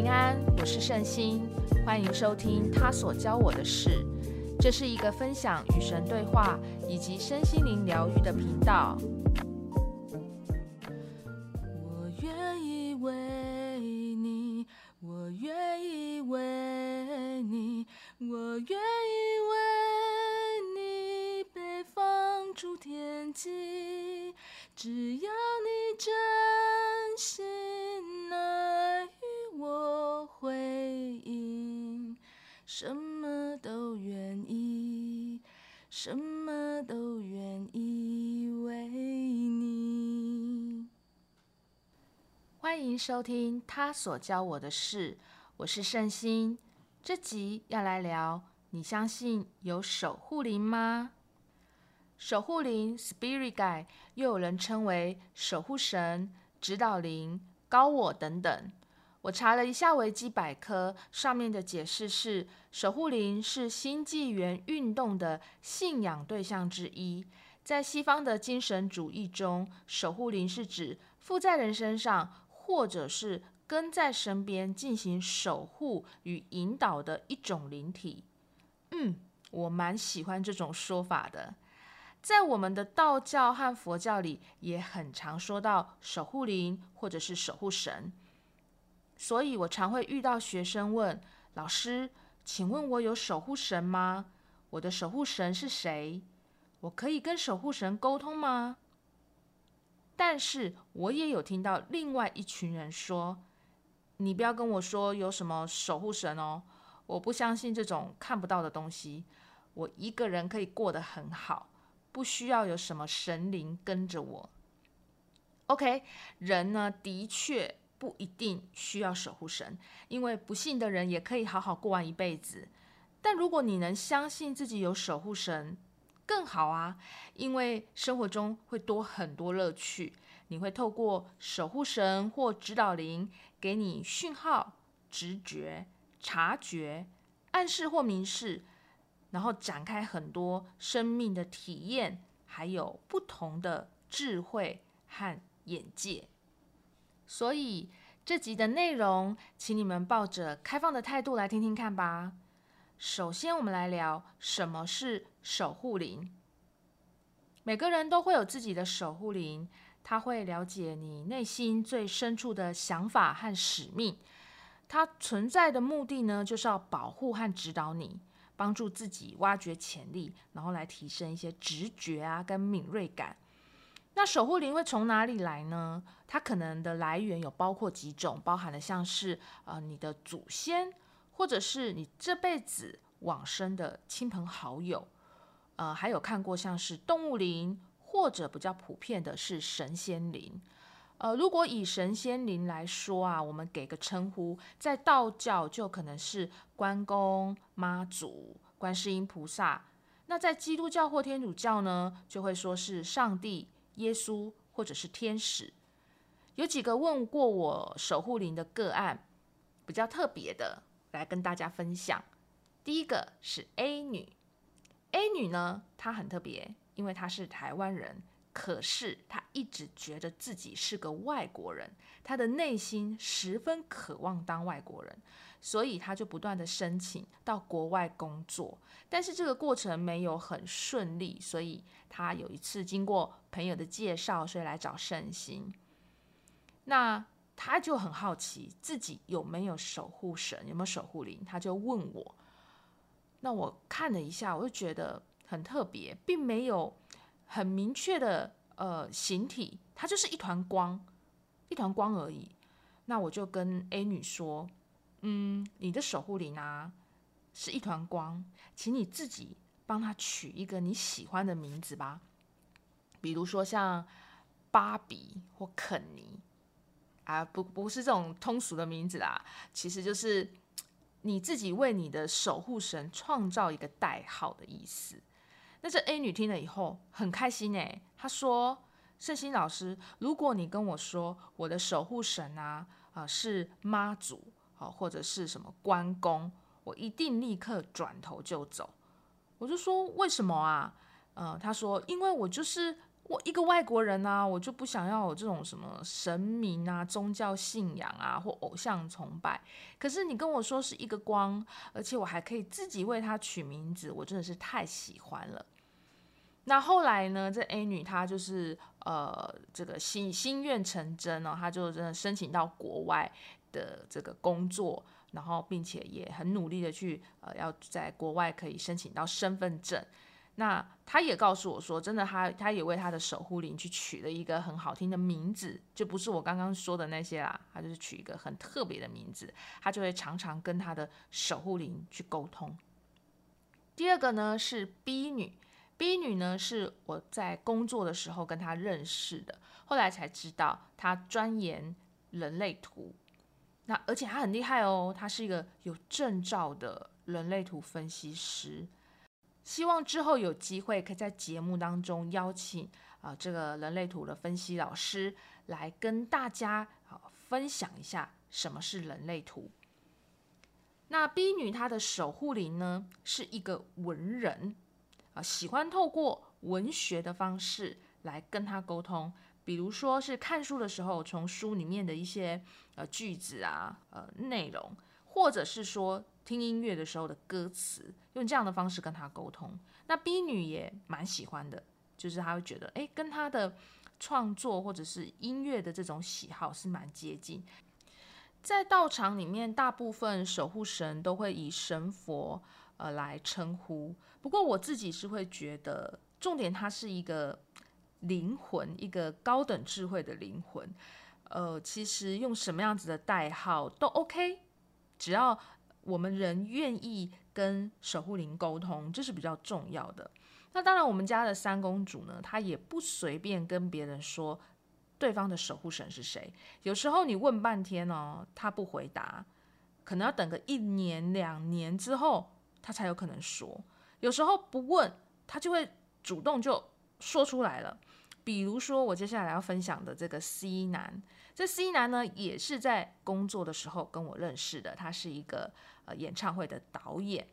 平安，我是聖心，歡迎收聽祂所教我的事。這是一個分享與神對話以及身心靈療癒的頻道。什麼都願意，什麼都願意為你。歡迎收聽《他所教我的事》，我是聖心。這集要來聊：你相信有守護靈嗎？守護靈 （Spirit Guide） 又有人稱為守護神、指導靈、高我等等。我查了一下維基百科，上面的解釋是守護靈是新紀元運動的信仰對象之一。在西方的精神主義中，守護靈是指附在人身上或者是跟在身邊進行守護與引導的一種靈體。嗯，我蠻喜歡這種說法的。在我們的道教和佛教裡，也很常說到守護靈或者是守護神。所以，我常會遇到學生問老師：“請問我有守護神嗎？我的守護神是誰？我可以跟守護神溝通嗎？”但是我也有聽到另外一群人說：“你不要跟我說有什麼守護神哦，我不相信這種看不到的東西。我一個人可以過得很好，不需要有什麼神靈跟着我。” OK，人呢，的確。不一定需要守護神，因為不信的人也可以好好過完一輩子。但如果你能相信自己有守護神，更好啊，因為生活中會多很多樂趣。你會透過守護神或指導靈給你訊號、直覺、察覺、暗示或明示，然後展開很多生命的體驗，還有不同的智慧和眼界。所以這集的內容，請你們抱着開放的態度來聽聽看吧。首先，我們來聊什麼是守護靈。每個人都會有自己的守護靈，他會了解你內心最深處的想法和使命。他存在的目的呢，就是要保護和指導你，幫助自己挖掘潛力，然後來提升一些直覺啊，跟敏銳感。那守護靈會從哪裡來呢？它可能的來源有包括幾種，包含了像是呃你的祖先，或者是你這輩子往生的親朋好友，呃，還有看過像是動物靈，或者比較普遍的是神仙靈。呃，如果以神仙靈來說啊，我們給個稱呼，在道教就可能是關公、媽祖、觀世音菩薩；那在基督教或天主教呢，就會說是上帝。耶穌，或者是天使，有幾個問過我守護靈的個案，比較特別的來跟大家分享。第一個是 A 女，A 女呢，她很特別，因為她是台灣人。可是他一直覺得自己是個外國人，他的內心十分渴望當外國人，所以他就不斷的申請到國外工作。但是這個過程沒有很順利，所以他有一次經過朋友的介紹，所以來找聖心。那他就很好奇自己有沒有守護神，有沒有守護靈，他就問我。那我看了一下，我就覺得很特別，並沒有。很明確的，呃，形體它就是一團光，一團光而已。那我就跟 A 女說，嗯，你的守護靈啊是一團光，請你自己幫它取一個你喜歡的名字吧，比如說像芭比或肯尼啊，不，不是這種通俗的名字啦，其實就是你自己為你的守護神創造一個代號的意思。那這 A 女聽了以後很開心哎，她說：“聖心老師，如果你跟我說我的守護神啊啊、呃、是媽祖啊、呃，或者是什麼關公，我一定立刻轉頭就走。”我就說：“為什麼啊？”呃，她說：“因為我就是。”我一個外國人啊，我就不想要有這種什麼神明啊、宗教信仰啊或偶像崇拜。可是你跟我說是一個光，而且我還可以自己為他取名字，我真的是太喜歡了。那後來呢，這 A 女她就是呃，這個心心願成真了哦，她就真的申請到國外的這個工作，然後並且也很努力的去呃，要在國外可以申請到身份證。那他也告訴我說，真的他，他他也為他的守護靈去取了一個很好聽的名字，就不是我剛剛說的那些啦，他就是取一個很特別的名字，他就會常常跟他的守護靈去溝通。第二個呢是 B 女，B 女呢是我在工作的時候跟他認識的，後來才知道他專研人類圖，那而且他很厲害哦，他是一個有證照的人類圖分析師。希望之後有機會可以在節目當中邀請啊這個人類圖的分析老師來跟大家啊分享一下什麼是人類圖。那 B 女她的守護靈呢是一個文人啊，喜歡透過文學的方式來跟他溝通，比如說是看書的時候，從書裡面的一些呃句子啊、呃內容，或者是說。聽音樂的時候的歌詞，用這樣的方式跟他溝通，那 B 女也蠻喜歡的，就是她會覺得，哎，跟她的創作或者是音樂的這種喜好是蠻接近。在道場裡面，大部分守護神都會以神佛呃來稱呼，不過我自己是會覺得，重點他是一個靈魂，一個高等智慧的靈魂，呃，其實用什麼樣子的代號都 OK，只要。我們人願意跟守護靈溝通，這是比較重要的。那當然，我們家的三公主呢，她也不隨便跟別人說對方的守護神是誰。有時候你問半天哦，她不回答，可能要等個一年兩年之後，她才有可能說。有時候不問，她就會主動就說出來了。比如說我接下來要分享的這個 C 男，這 C 男呢，也是在工作的時候跟我認識的，他是一個。呃，演唱會的導演，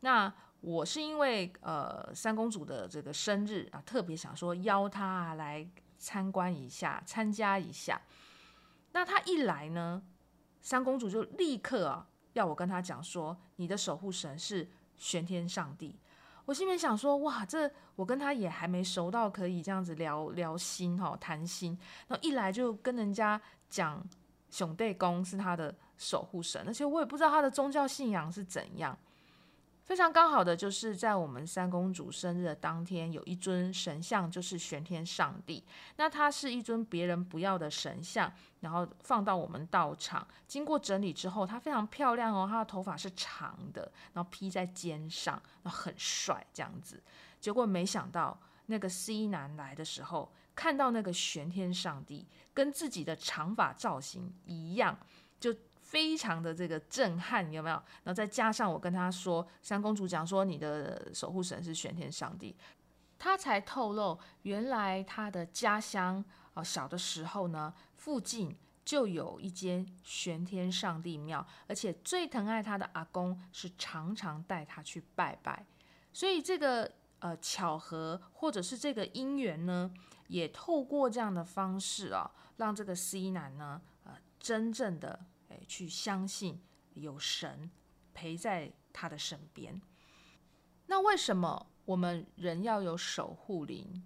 那我是因為呃三公主的這個生日啊，特別想說邀她來參觀一下，參加一下。那她一來呢，三公主就立刻啊要我跟她講說：“你的守護神是玄天上帝。”我心裡面想說：“哇，這我跟她也還沒熟到可以這樣子聊聊心，哦、哈談心。”那一來就跟人家講。熊隊公是他的守護神，而且我也不知道他的宗教信仰是怎樣。非常剛好的就是在我們三公主生日的當天，有一尊神像，就是玄天上帝。那他是一尊別人不要的神像，然後放到我們道場，經過整理之後，他非常漂亮哦，他的頭髮是長的，然後披在肩上，那很帥這樣子。結果沒想到那個西男來的時候。看到那個玄天上帝跟自己的長髮造型一樣，就非常的這個震撼，有沒有？然後再加上我跟他說，三公主講說你的守護神是玄天上帝，他才透露原來他的家鄉啊，小的時候呢附近就有一間玄天上帝廟，而且最疼愛他的阿公是常常帶他去拜拜，所以這個。呃，巧合或者是這個因緣呢，也透過這樣的方式啊、哦，讓這個 C 男呢，呃，真正的誒、欸、去相信有神陪在他的身邊。那為什麼我們人要有守護靈？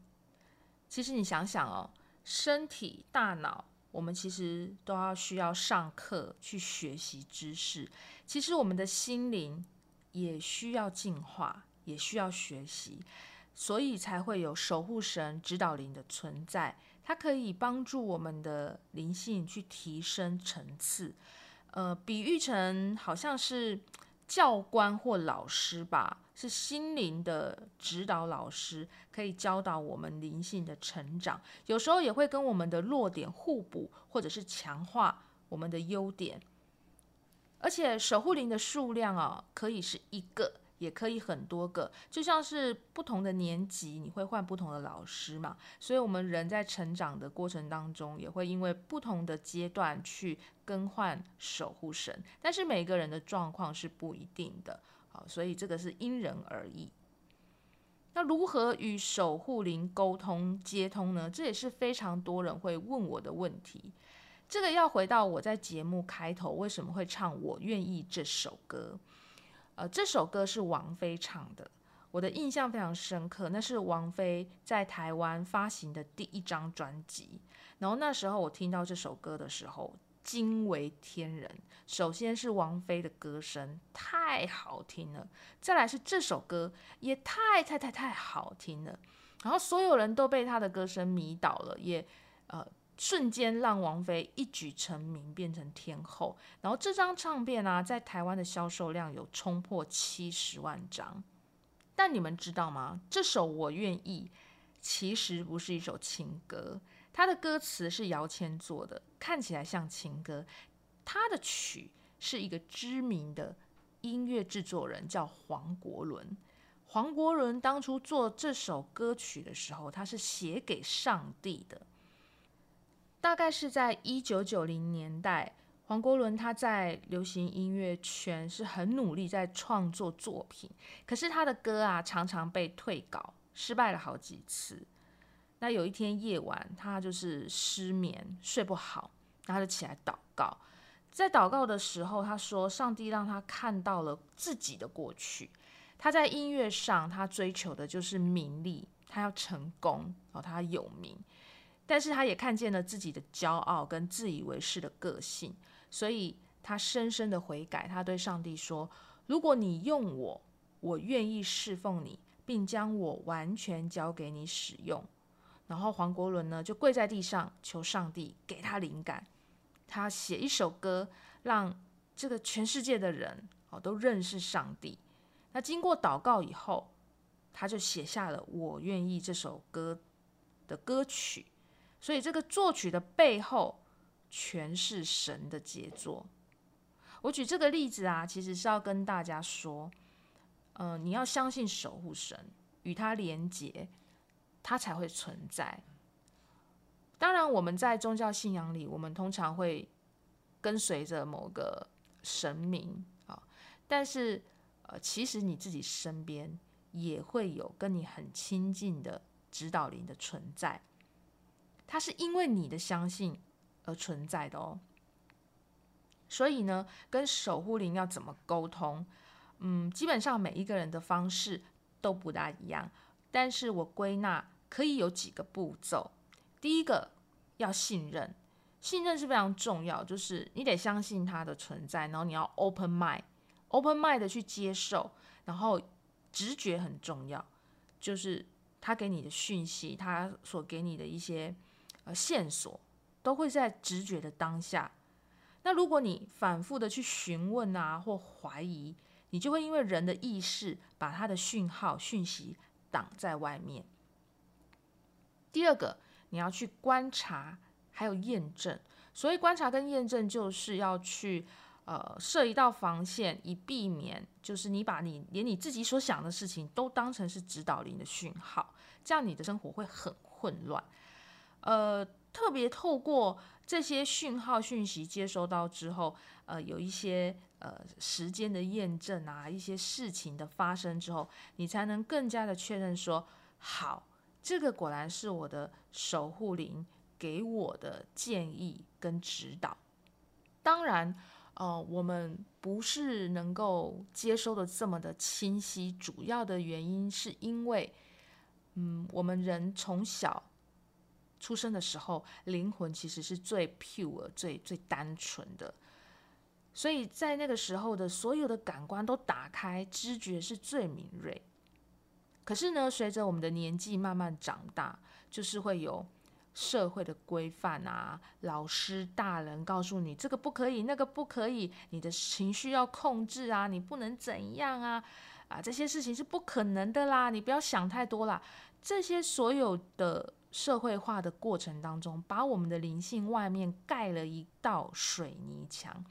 其實你想想哦，身體、大腦，我們其實都要需要上課去學習知識。其實我們的心靈也需要進化。也需要學習，所以才會有守護神、指導靈的存在。它可以幫助我們的靈性去提升層次，呃，比喻成好像是教官或老師吧，是心靈的指導老師，可以教導我們靈性的成長。有時候也會跟我們的弱點互補，或者是強化我們的優點。而且守護靈的數量啊、哦，可以是一個。也可以很多個，就像是不同的年級，你會換不同的老師嘛？所以我們人在成長的過程當中，也會因為不同的階段去更換守護神。但是每個人的狀況是不一定的，好，所以這個是因人而異。那如何與守護靈溝通接通呢？這也是非常多人會問我的問題。這個要回到我在節目開頭為什麼會唱《我願意》這首歌。呃，這首歌是王菲唱的，我的印象非常深刻。那是王菲在台灣發行的第一張專輯，然後那時候我聽到這首歌的時候驚為天人。首先是王菲的歌聲太好聽了，再來是這首歌也太太太太好聽了，然後所有人都被她的歌聲迷倒了，也呃。瞬間讓王菲一舉成名，變成天後。然後這張唱片呢、啊，在台灣的銷售量有衝破七十萬張。但你們知道嗎？這首《我願意》其實不是一首情歌，它的歌詞是姚謙做的，看起來像情歌。它的曲是一個知名的音樂製作人，叫黃國倫。黃國倫當初做這首歌曲的時候，他是寫給上帝的。大概是在一九九零年代，黃國倫他在流行音樂圈是很努力在創作作品，可是他的歌啊常常被退稿，失敗了好幾次。那有一天夜晚，他就是失眠，睡不好，然後他就起來禱告。在禱告的時候，他說上帝讓他看到了自己的過去。他在音樂上，他追求的就是名利，他要成功哦，他有名。但是他也看見了自己的驕傲跟自以為是的個性，所以他深深的悔改。他對上帝說：“如果你用我，我願意侍奉你，並將我完全交給你使用。”然後黃國倫呢就跪在地上求上帝給他靈感，他寫一首歌，讓這個全世界的人哦都認識上帝。那經過禱告以後，他就寫下了《我願意》這首歌的歌曲。所以這個作曲的背後，全是神的傑作。我舉這個例子啊，其實是要跟大家說，嗯、呃，你要相信守護神，與他連結，他才會存在。當然，我們在宗教信仰裡，我們通常會跟隨着某個神明啊，但是呃，其實你自己身邊也會有跟你很親近的指導靈的存在。它是因為你的相信而存在的哦，所以呢，跟守護靈要怎麼溝通？嗯，基本上每一個人的方式都不大一樣，但是我歸納可以有幾個步驟。第一個要信任，信任是非常重要，就是你得相信它的存在，然後你要 open mind，open mind 的去接受，然後直覺很重要，就是他給你的訊息，他所給你的一些。呃，線索都會在直覺的當下。那如果你反覆的去詢問啊，或懷疑，你就會因為人的意識把他的訊號訊息擋在外面。第二個，你要去觀察，還有驗證。所謂觀察跟驗證，就是要去呃設一道防線，以避免就是你把你連你自己所想的事情都當成是指導靈的訊號，這樣你的生活會很混亂。呃，特別透過這些訊號、訊息接收到之後，呃，有一些呃時間的驗證啊，一些事情的發生之後，你才能更加的確認說，好，這個果然是我的守護靈給我的建議跟指導。當然，呃，我們不是能夠接收的這麼的清晰，主要的原因是因為，嗯，我們人從小。出生的時候，靈魂其實是最 pure、最最單純的，所以在那個時候的所有的感官都打開，知覺是最敏銳。可是呢，隨着我們的年紀慢慢長大，就是會有社會的規範啊，老師大人告訴你這個不可以，那個不可以，你的情緒要控制啊，你不能怎樣啊，啊，這些事情是不可能的啦，你不要想太多啦，這些所有的。社會化的過程當中，把我們的靈性外面蓋了一道水泥牆，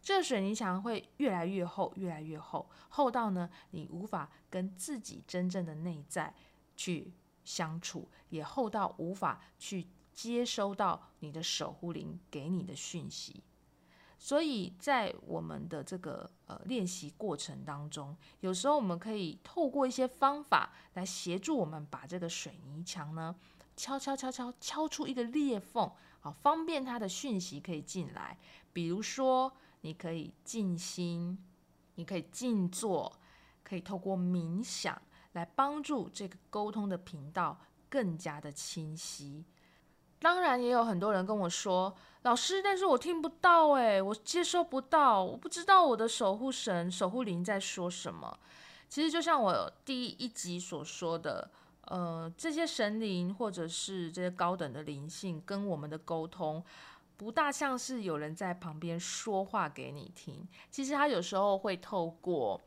這水泥牆會越來越厚，越來越厚，厚到呢，你無法跟自己真正的內在去相處，也厚到無法去接收到你的守護靈給你的訊息。所以在我們的這個呃練習過程當中，有時候我們可以透過一些方法來協助我們把這個水泥牆呢。敲敲敲敲敲出一個裂縫，好方便他的訊息可以進來。比如說，你可以靜心，你可以靜坐，可以透過冥想來幫助這個溝通的頻道更加的清晰。當然，也有很多人跟我說：“老師，但是我聽不到，誒，我接收不到，我不知道我的守護神、守護靈在說什麼。”其實就像我第一集所說的。呃，這些神靈或者是這些高等的靈性跟我們的溝通，不大像是有人在旁邊說話給你聽。其實他有時候會透過，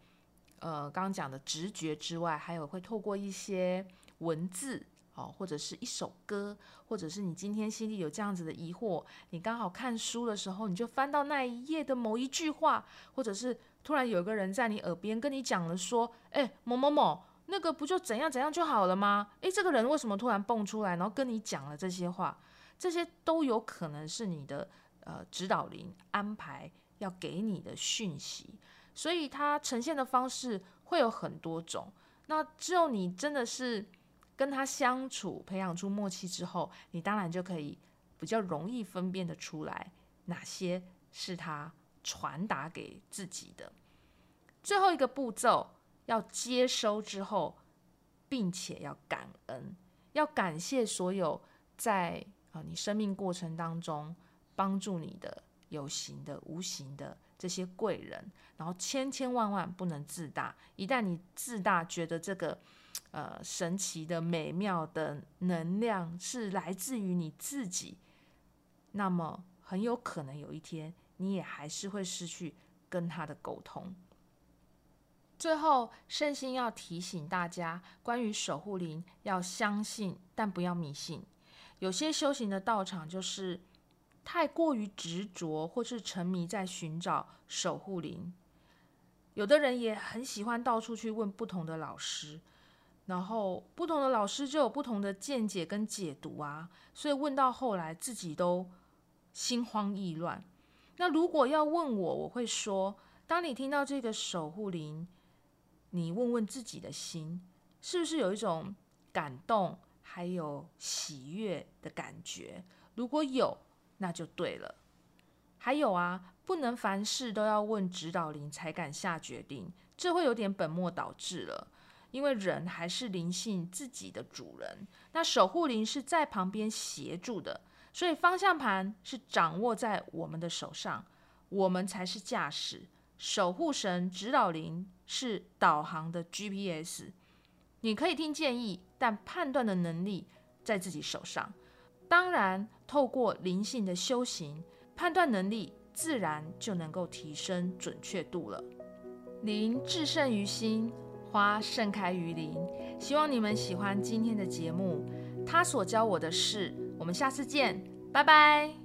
呃，剛剛講的直覺之外，還有會透過一些文字哦，或者是一首歌，或者是你今天心裡有這樣子的疑惑，你剛好看書的時候，你就翻到那一頁的某一句話，或者是突然有個人在你耳邊跟你講了說，誒，某某某。那個不就怎樣怎樣就好了嗎？誒，這個人為什麼突然蹦出來，然後跟你講了這些話？這些都有可能是你的呃指導靈安排要給你的訊息，所以他呈現的方式會有很多種。那只有你真的是跟他相處，培養出默契之後，你當然就可以比較容易分辨得出來哪些是他傳達給自己的。最後一個步驟。要接收之後，並且要感恩，要感謝所有在啊、呃、你生命過程當中幫助你的有形的、無形的這些貴人，然後千千萬萬不能自大。一旦你自大，覺得這個呃神奇的美妙的能量是來自於你自己，那麼很有可能有一天你也還是會失去跟他的溝通。最後，聖心要提醒大家，關於守護靈，要相信，但不要迷信。有些修行的道場就是太過於執着，或是沉迷在尋找守護靈。有的人也很喜歡到處去問不同的老師，然後不同的老師就有不同的見解跟解讀啊，所以問到後來自己都心慌意亂。那如果要問我，我會說，當你聽到這個守護靈，你問問自己的心，是不是有一種感動還有喜悅的感覺？如果有，那就對了。還有啊，不能凡事都要問指導靈才敢下決定，這會有點本末倒置了。因為人還是靈性自己的主人，那守護靈是在旁邊協助的，所以方向盤是掌握在我們的手上，我們才是駕駛。守護神指導靈是導航的 GPS，你可以聽建議，但判斷的能力在自己手上。當然，透過靈性的修行，判斷能力自然就能夠提升準確度了。靈至勝於心，花盛開於林。希望你們喜歡今天的節目。他所教我的事，我們下次見，拜拜。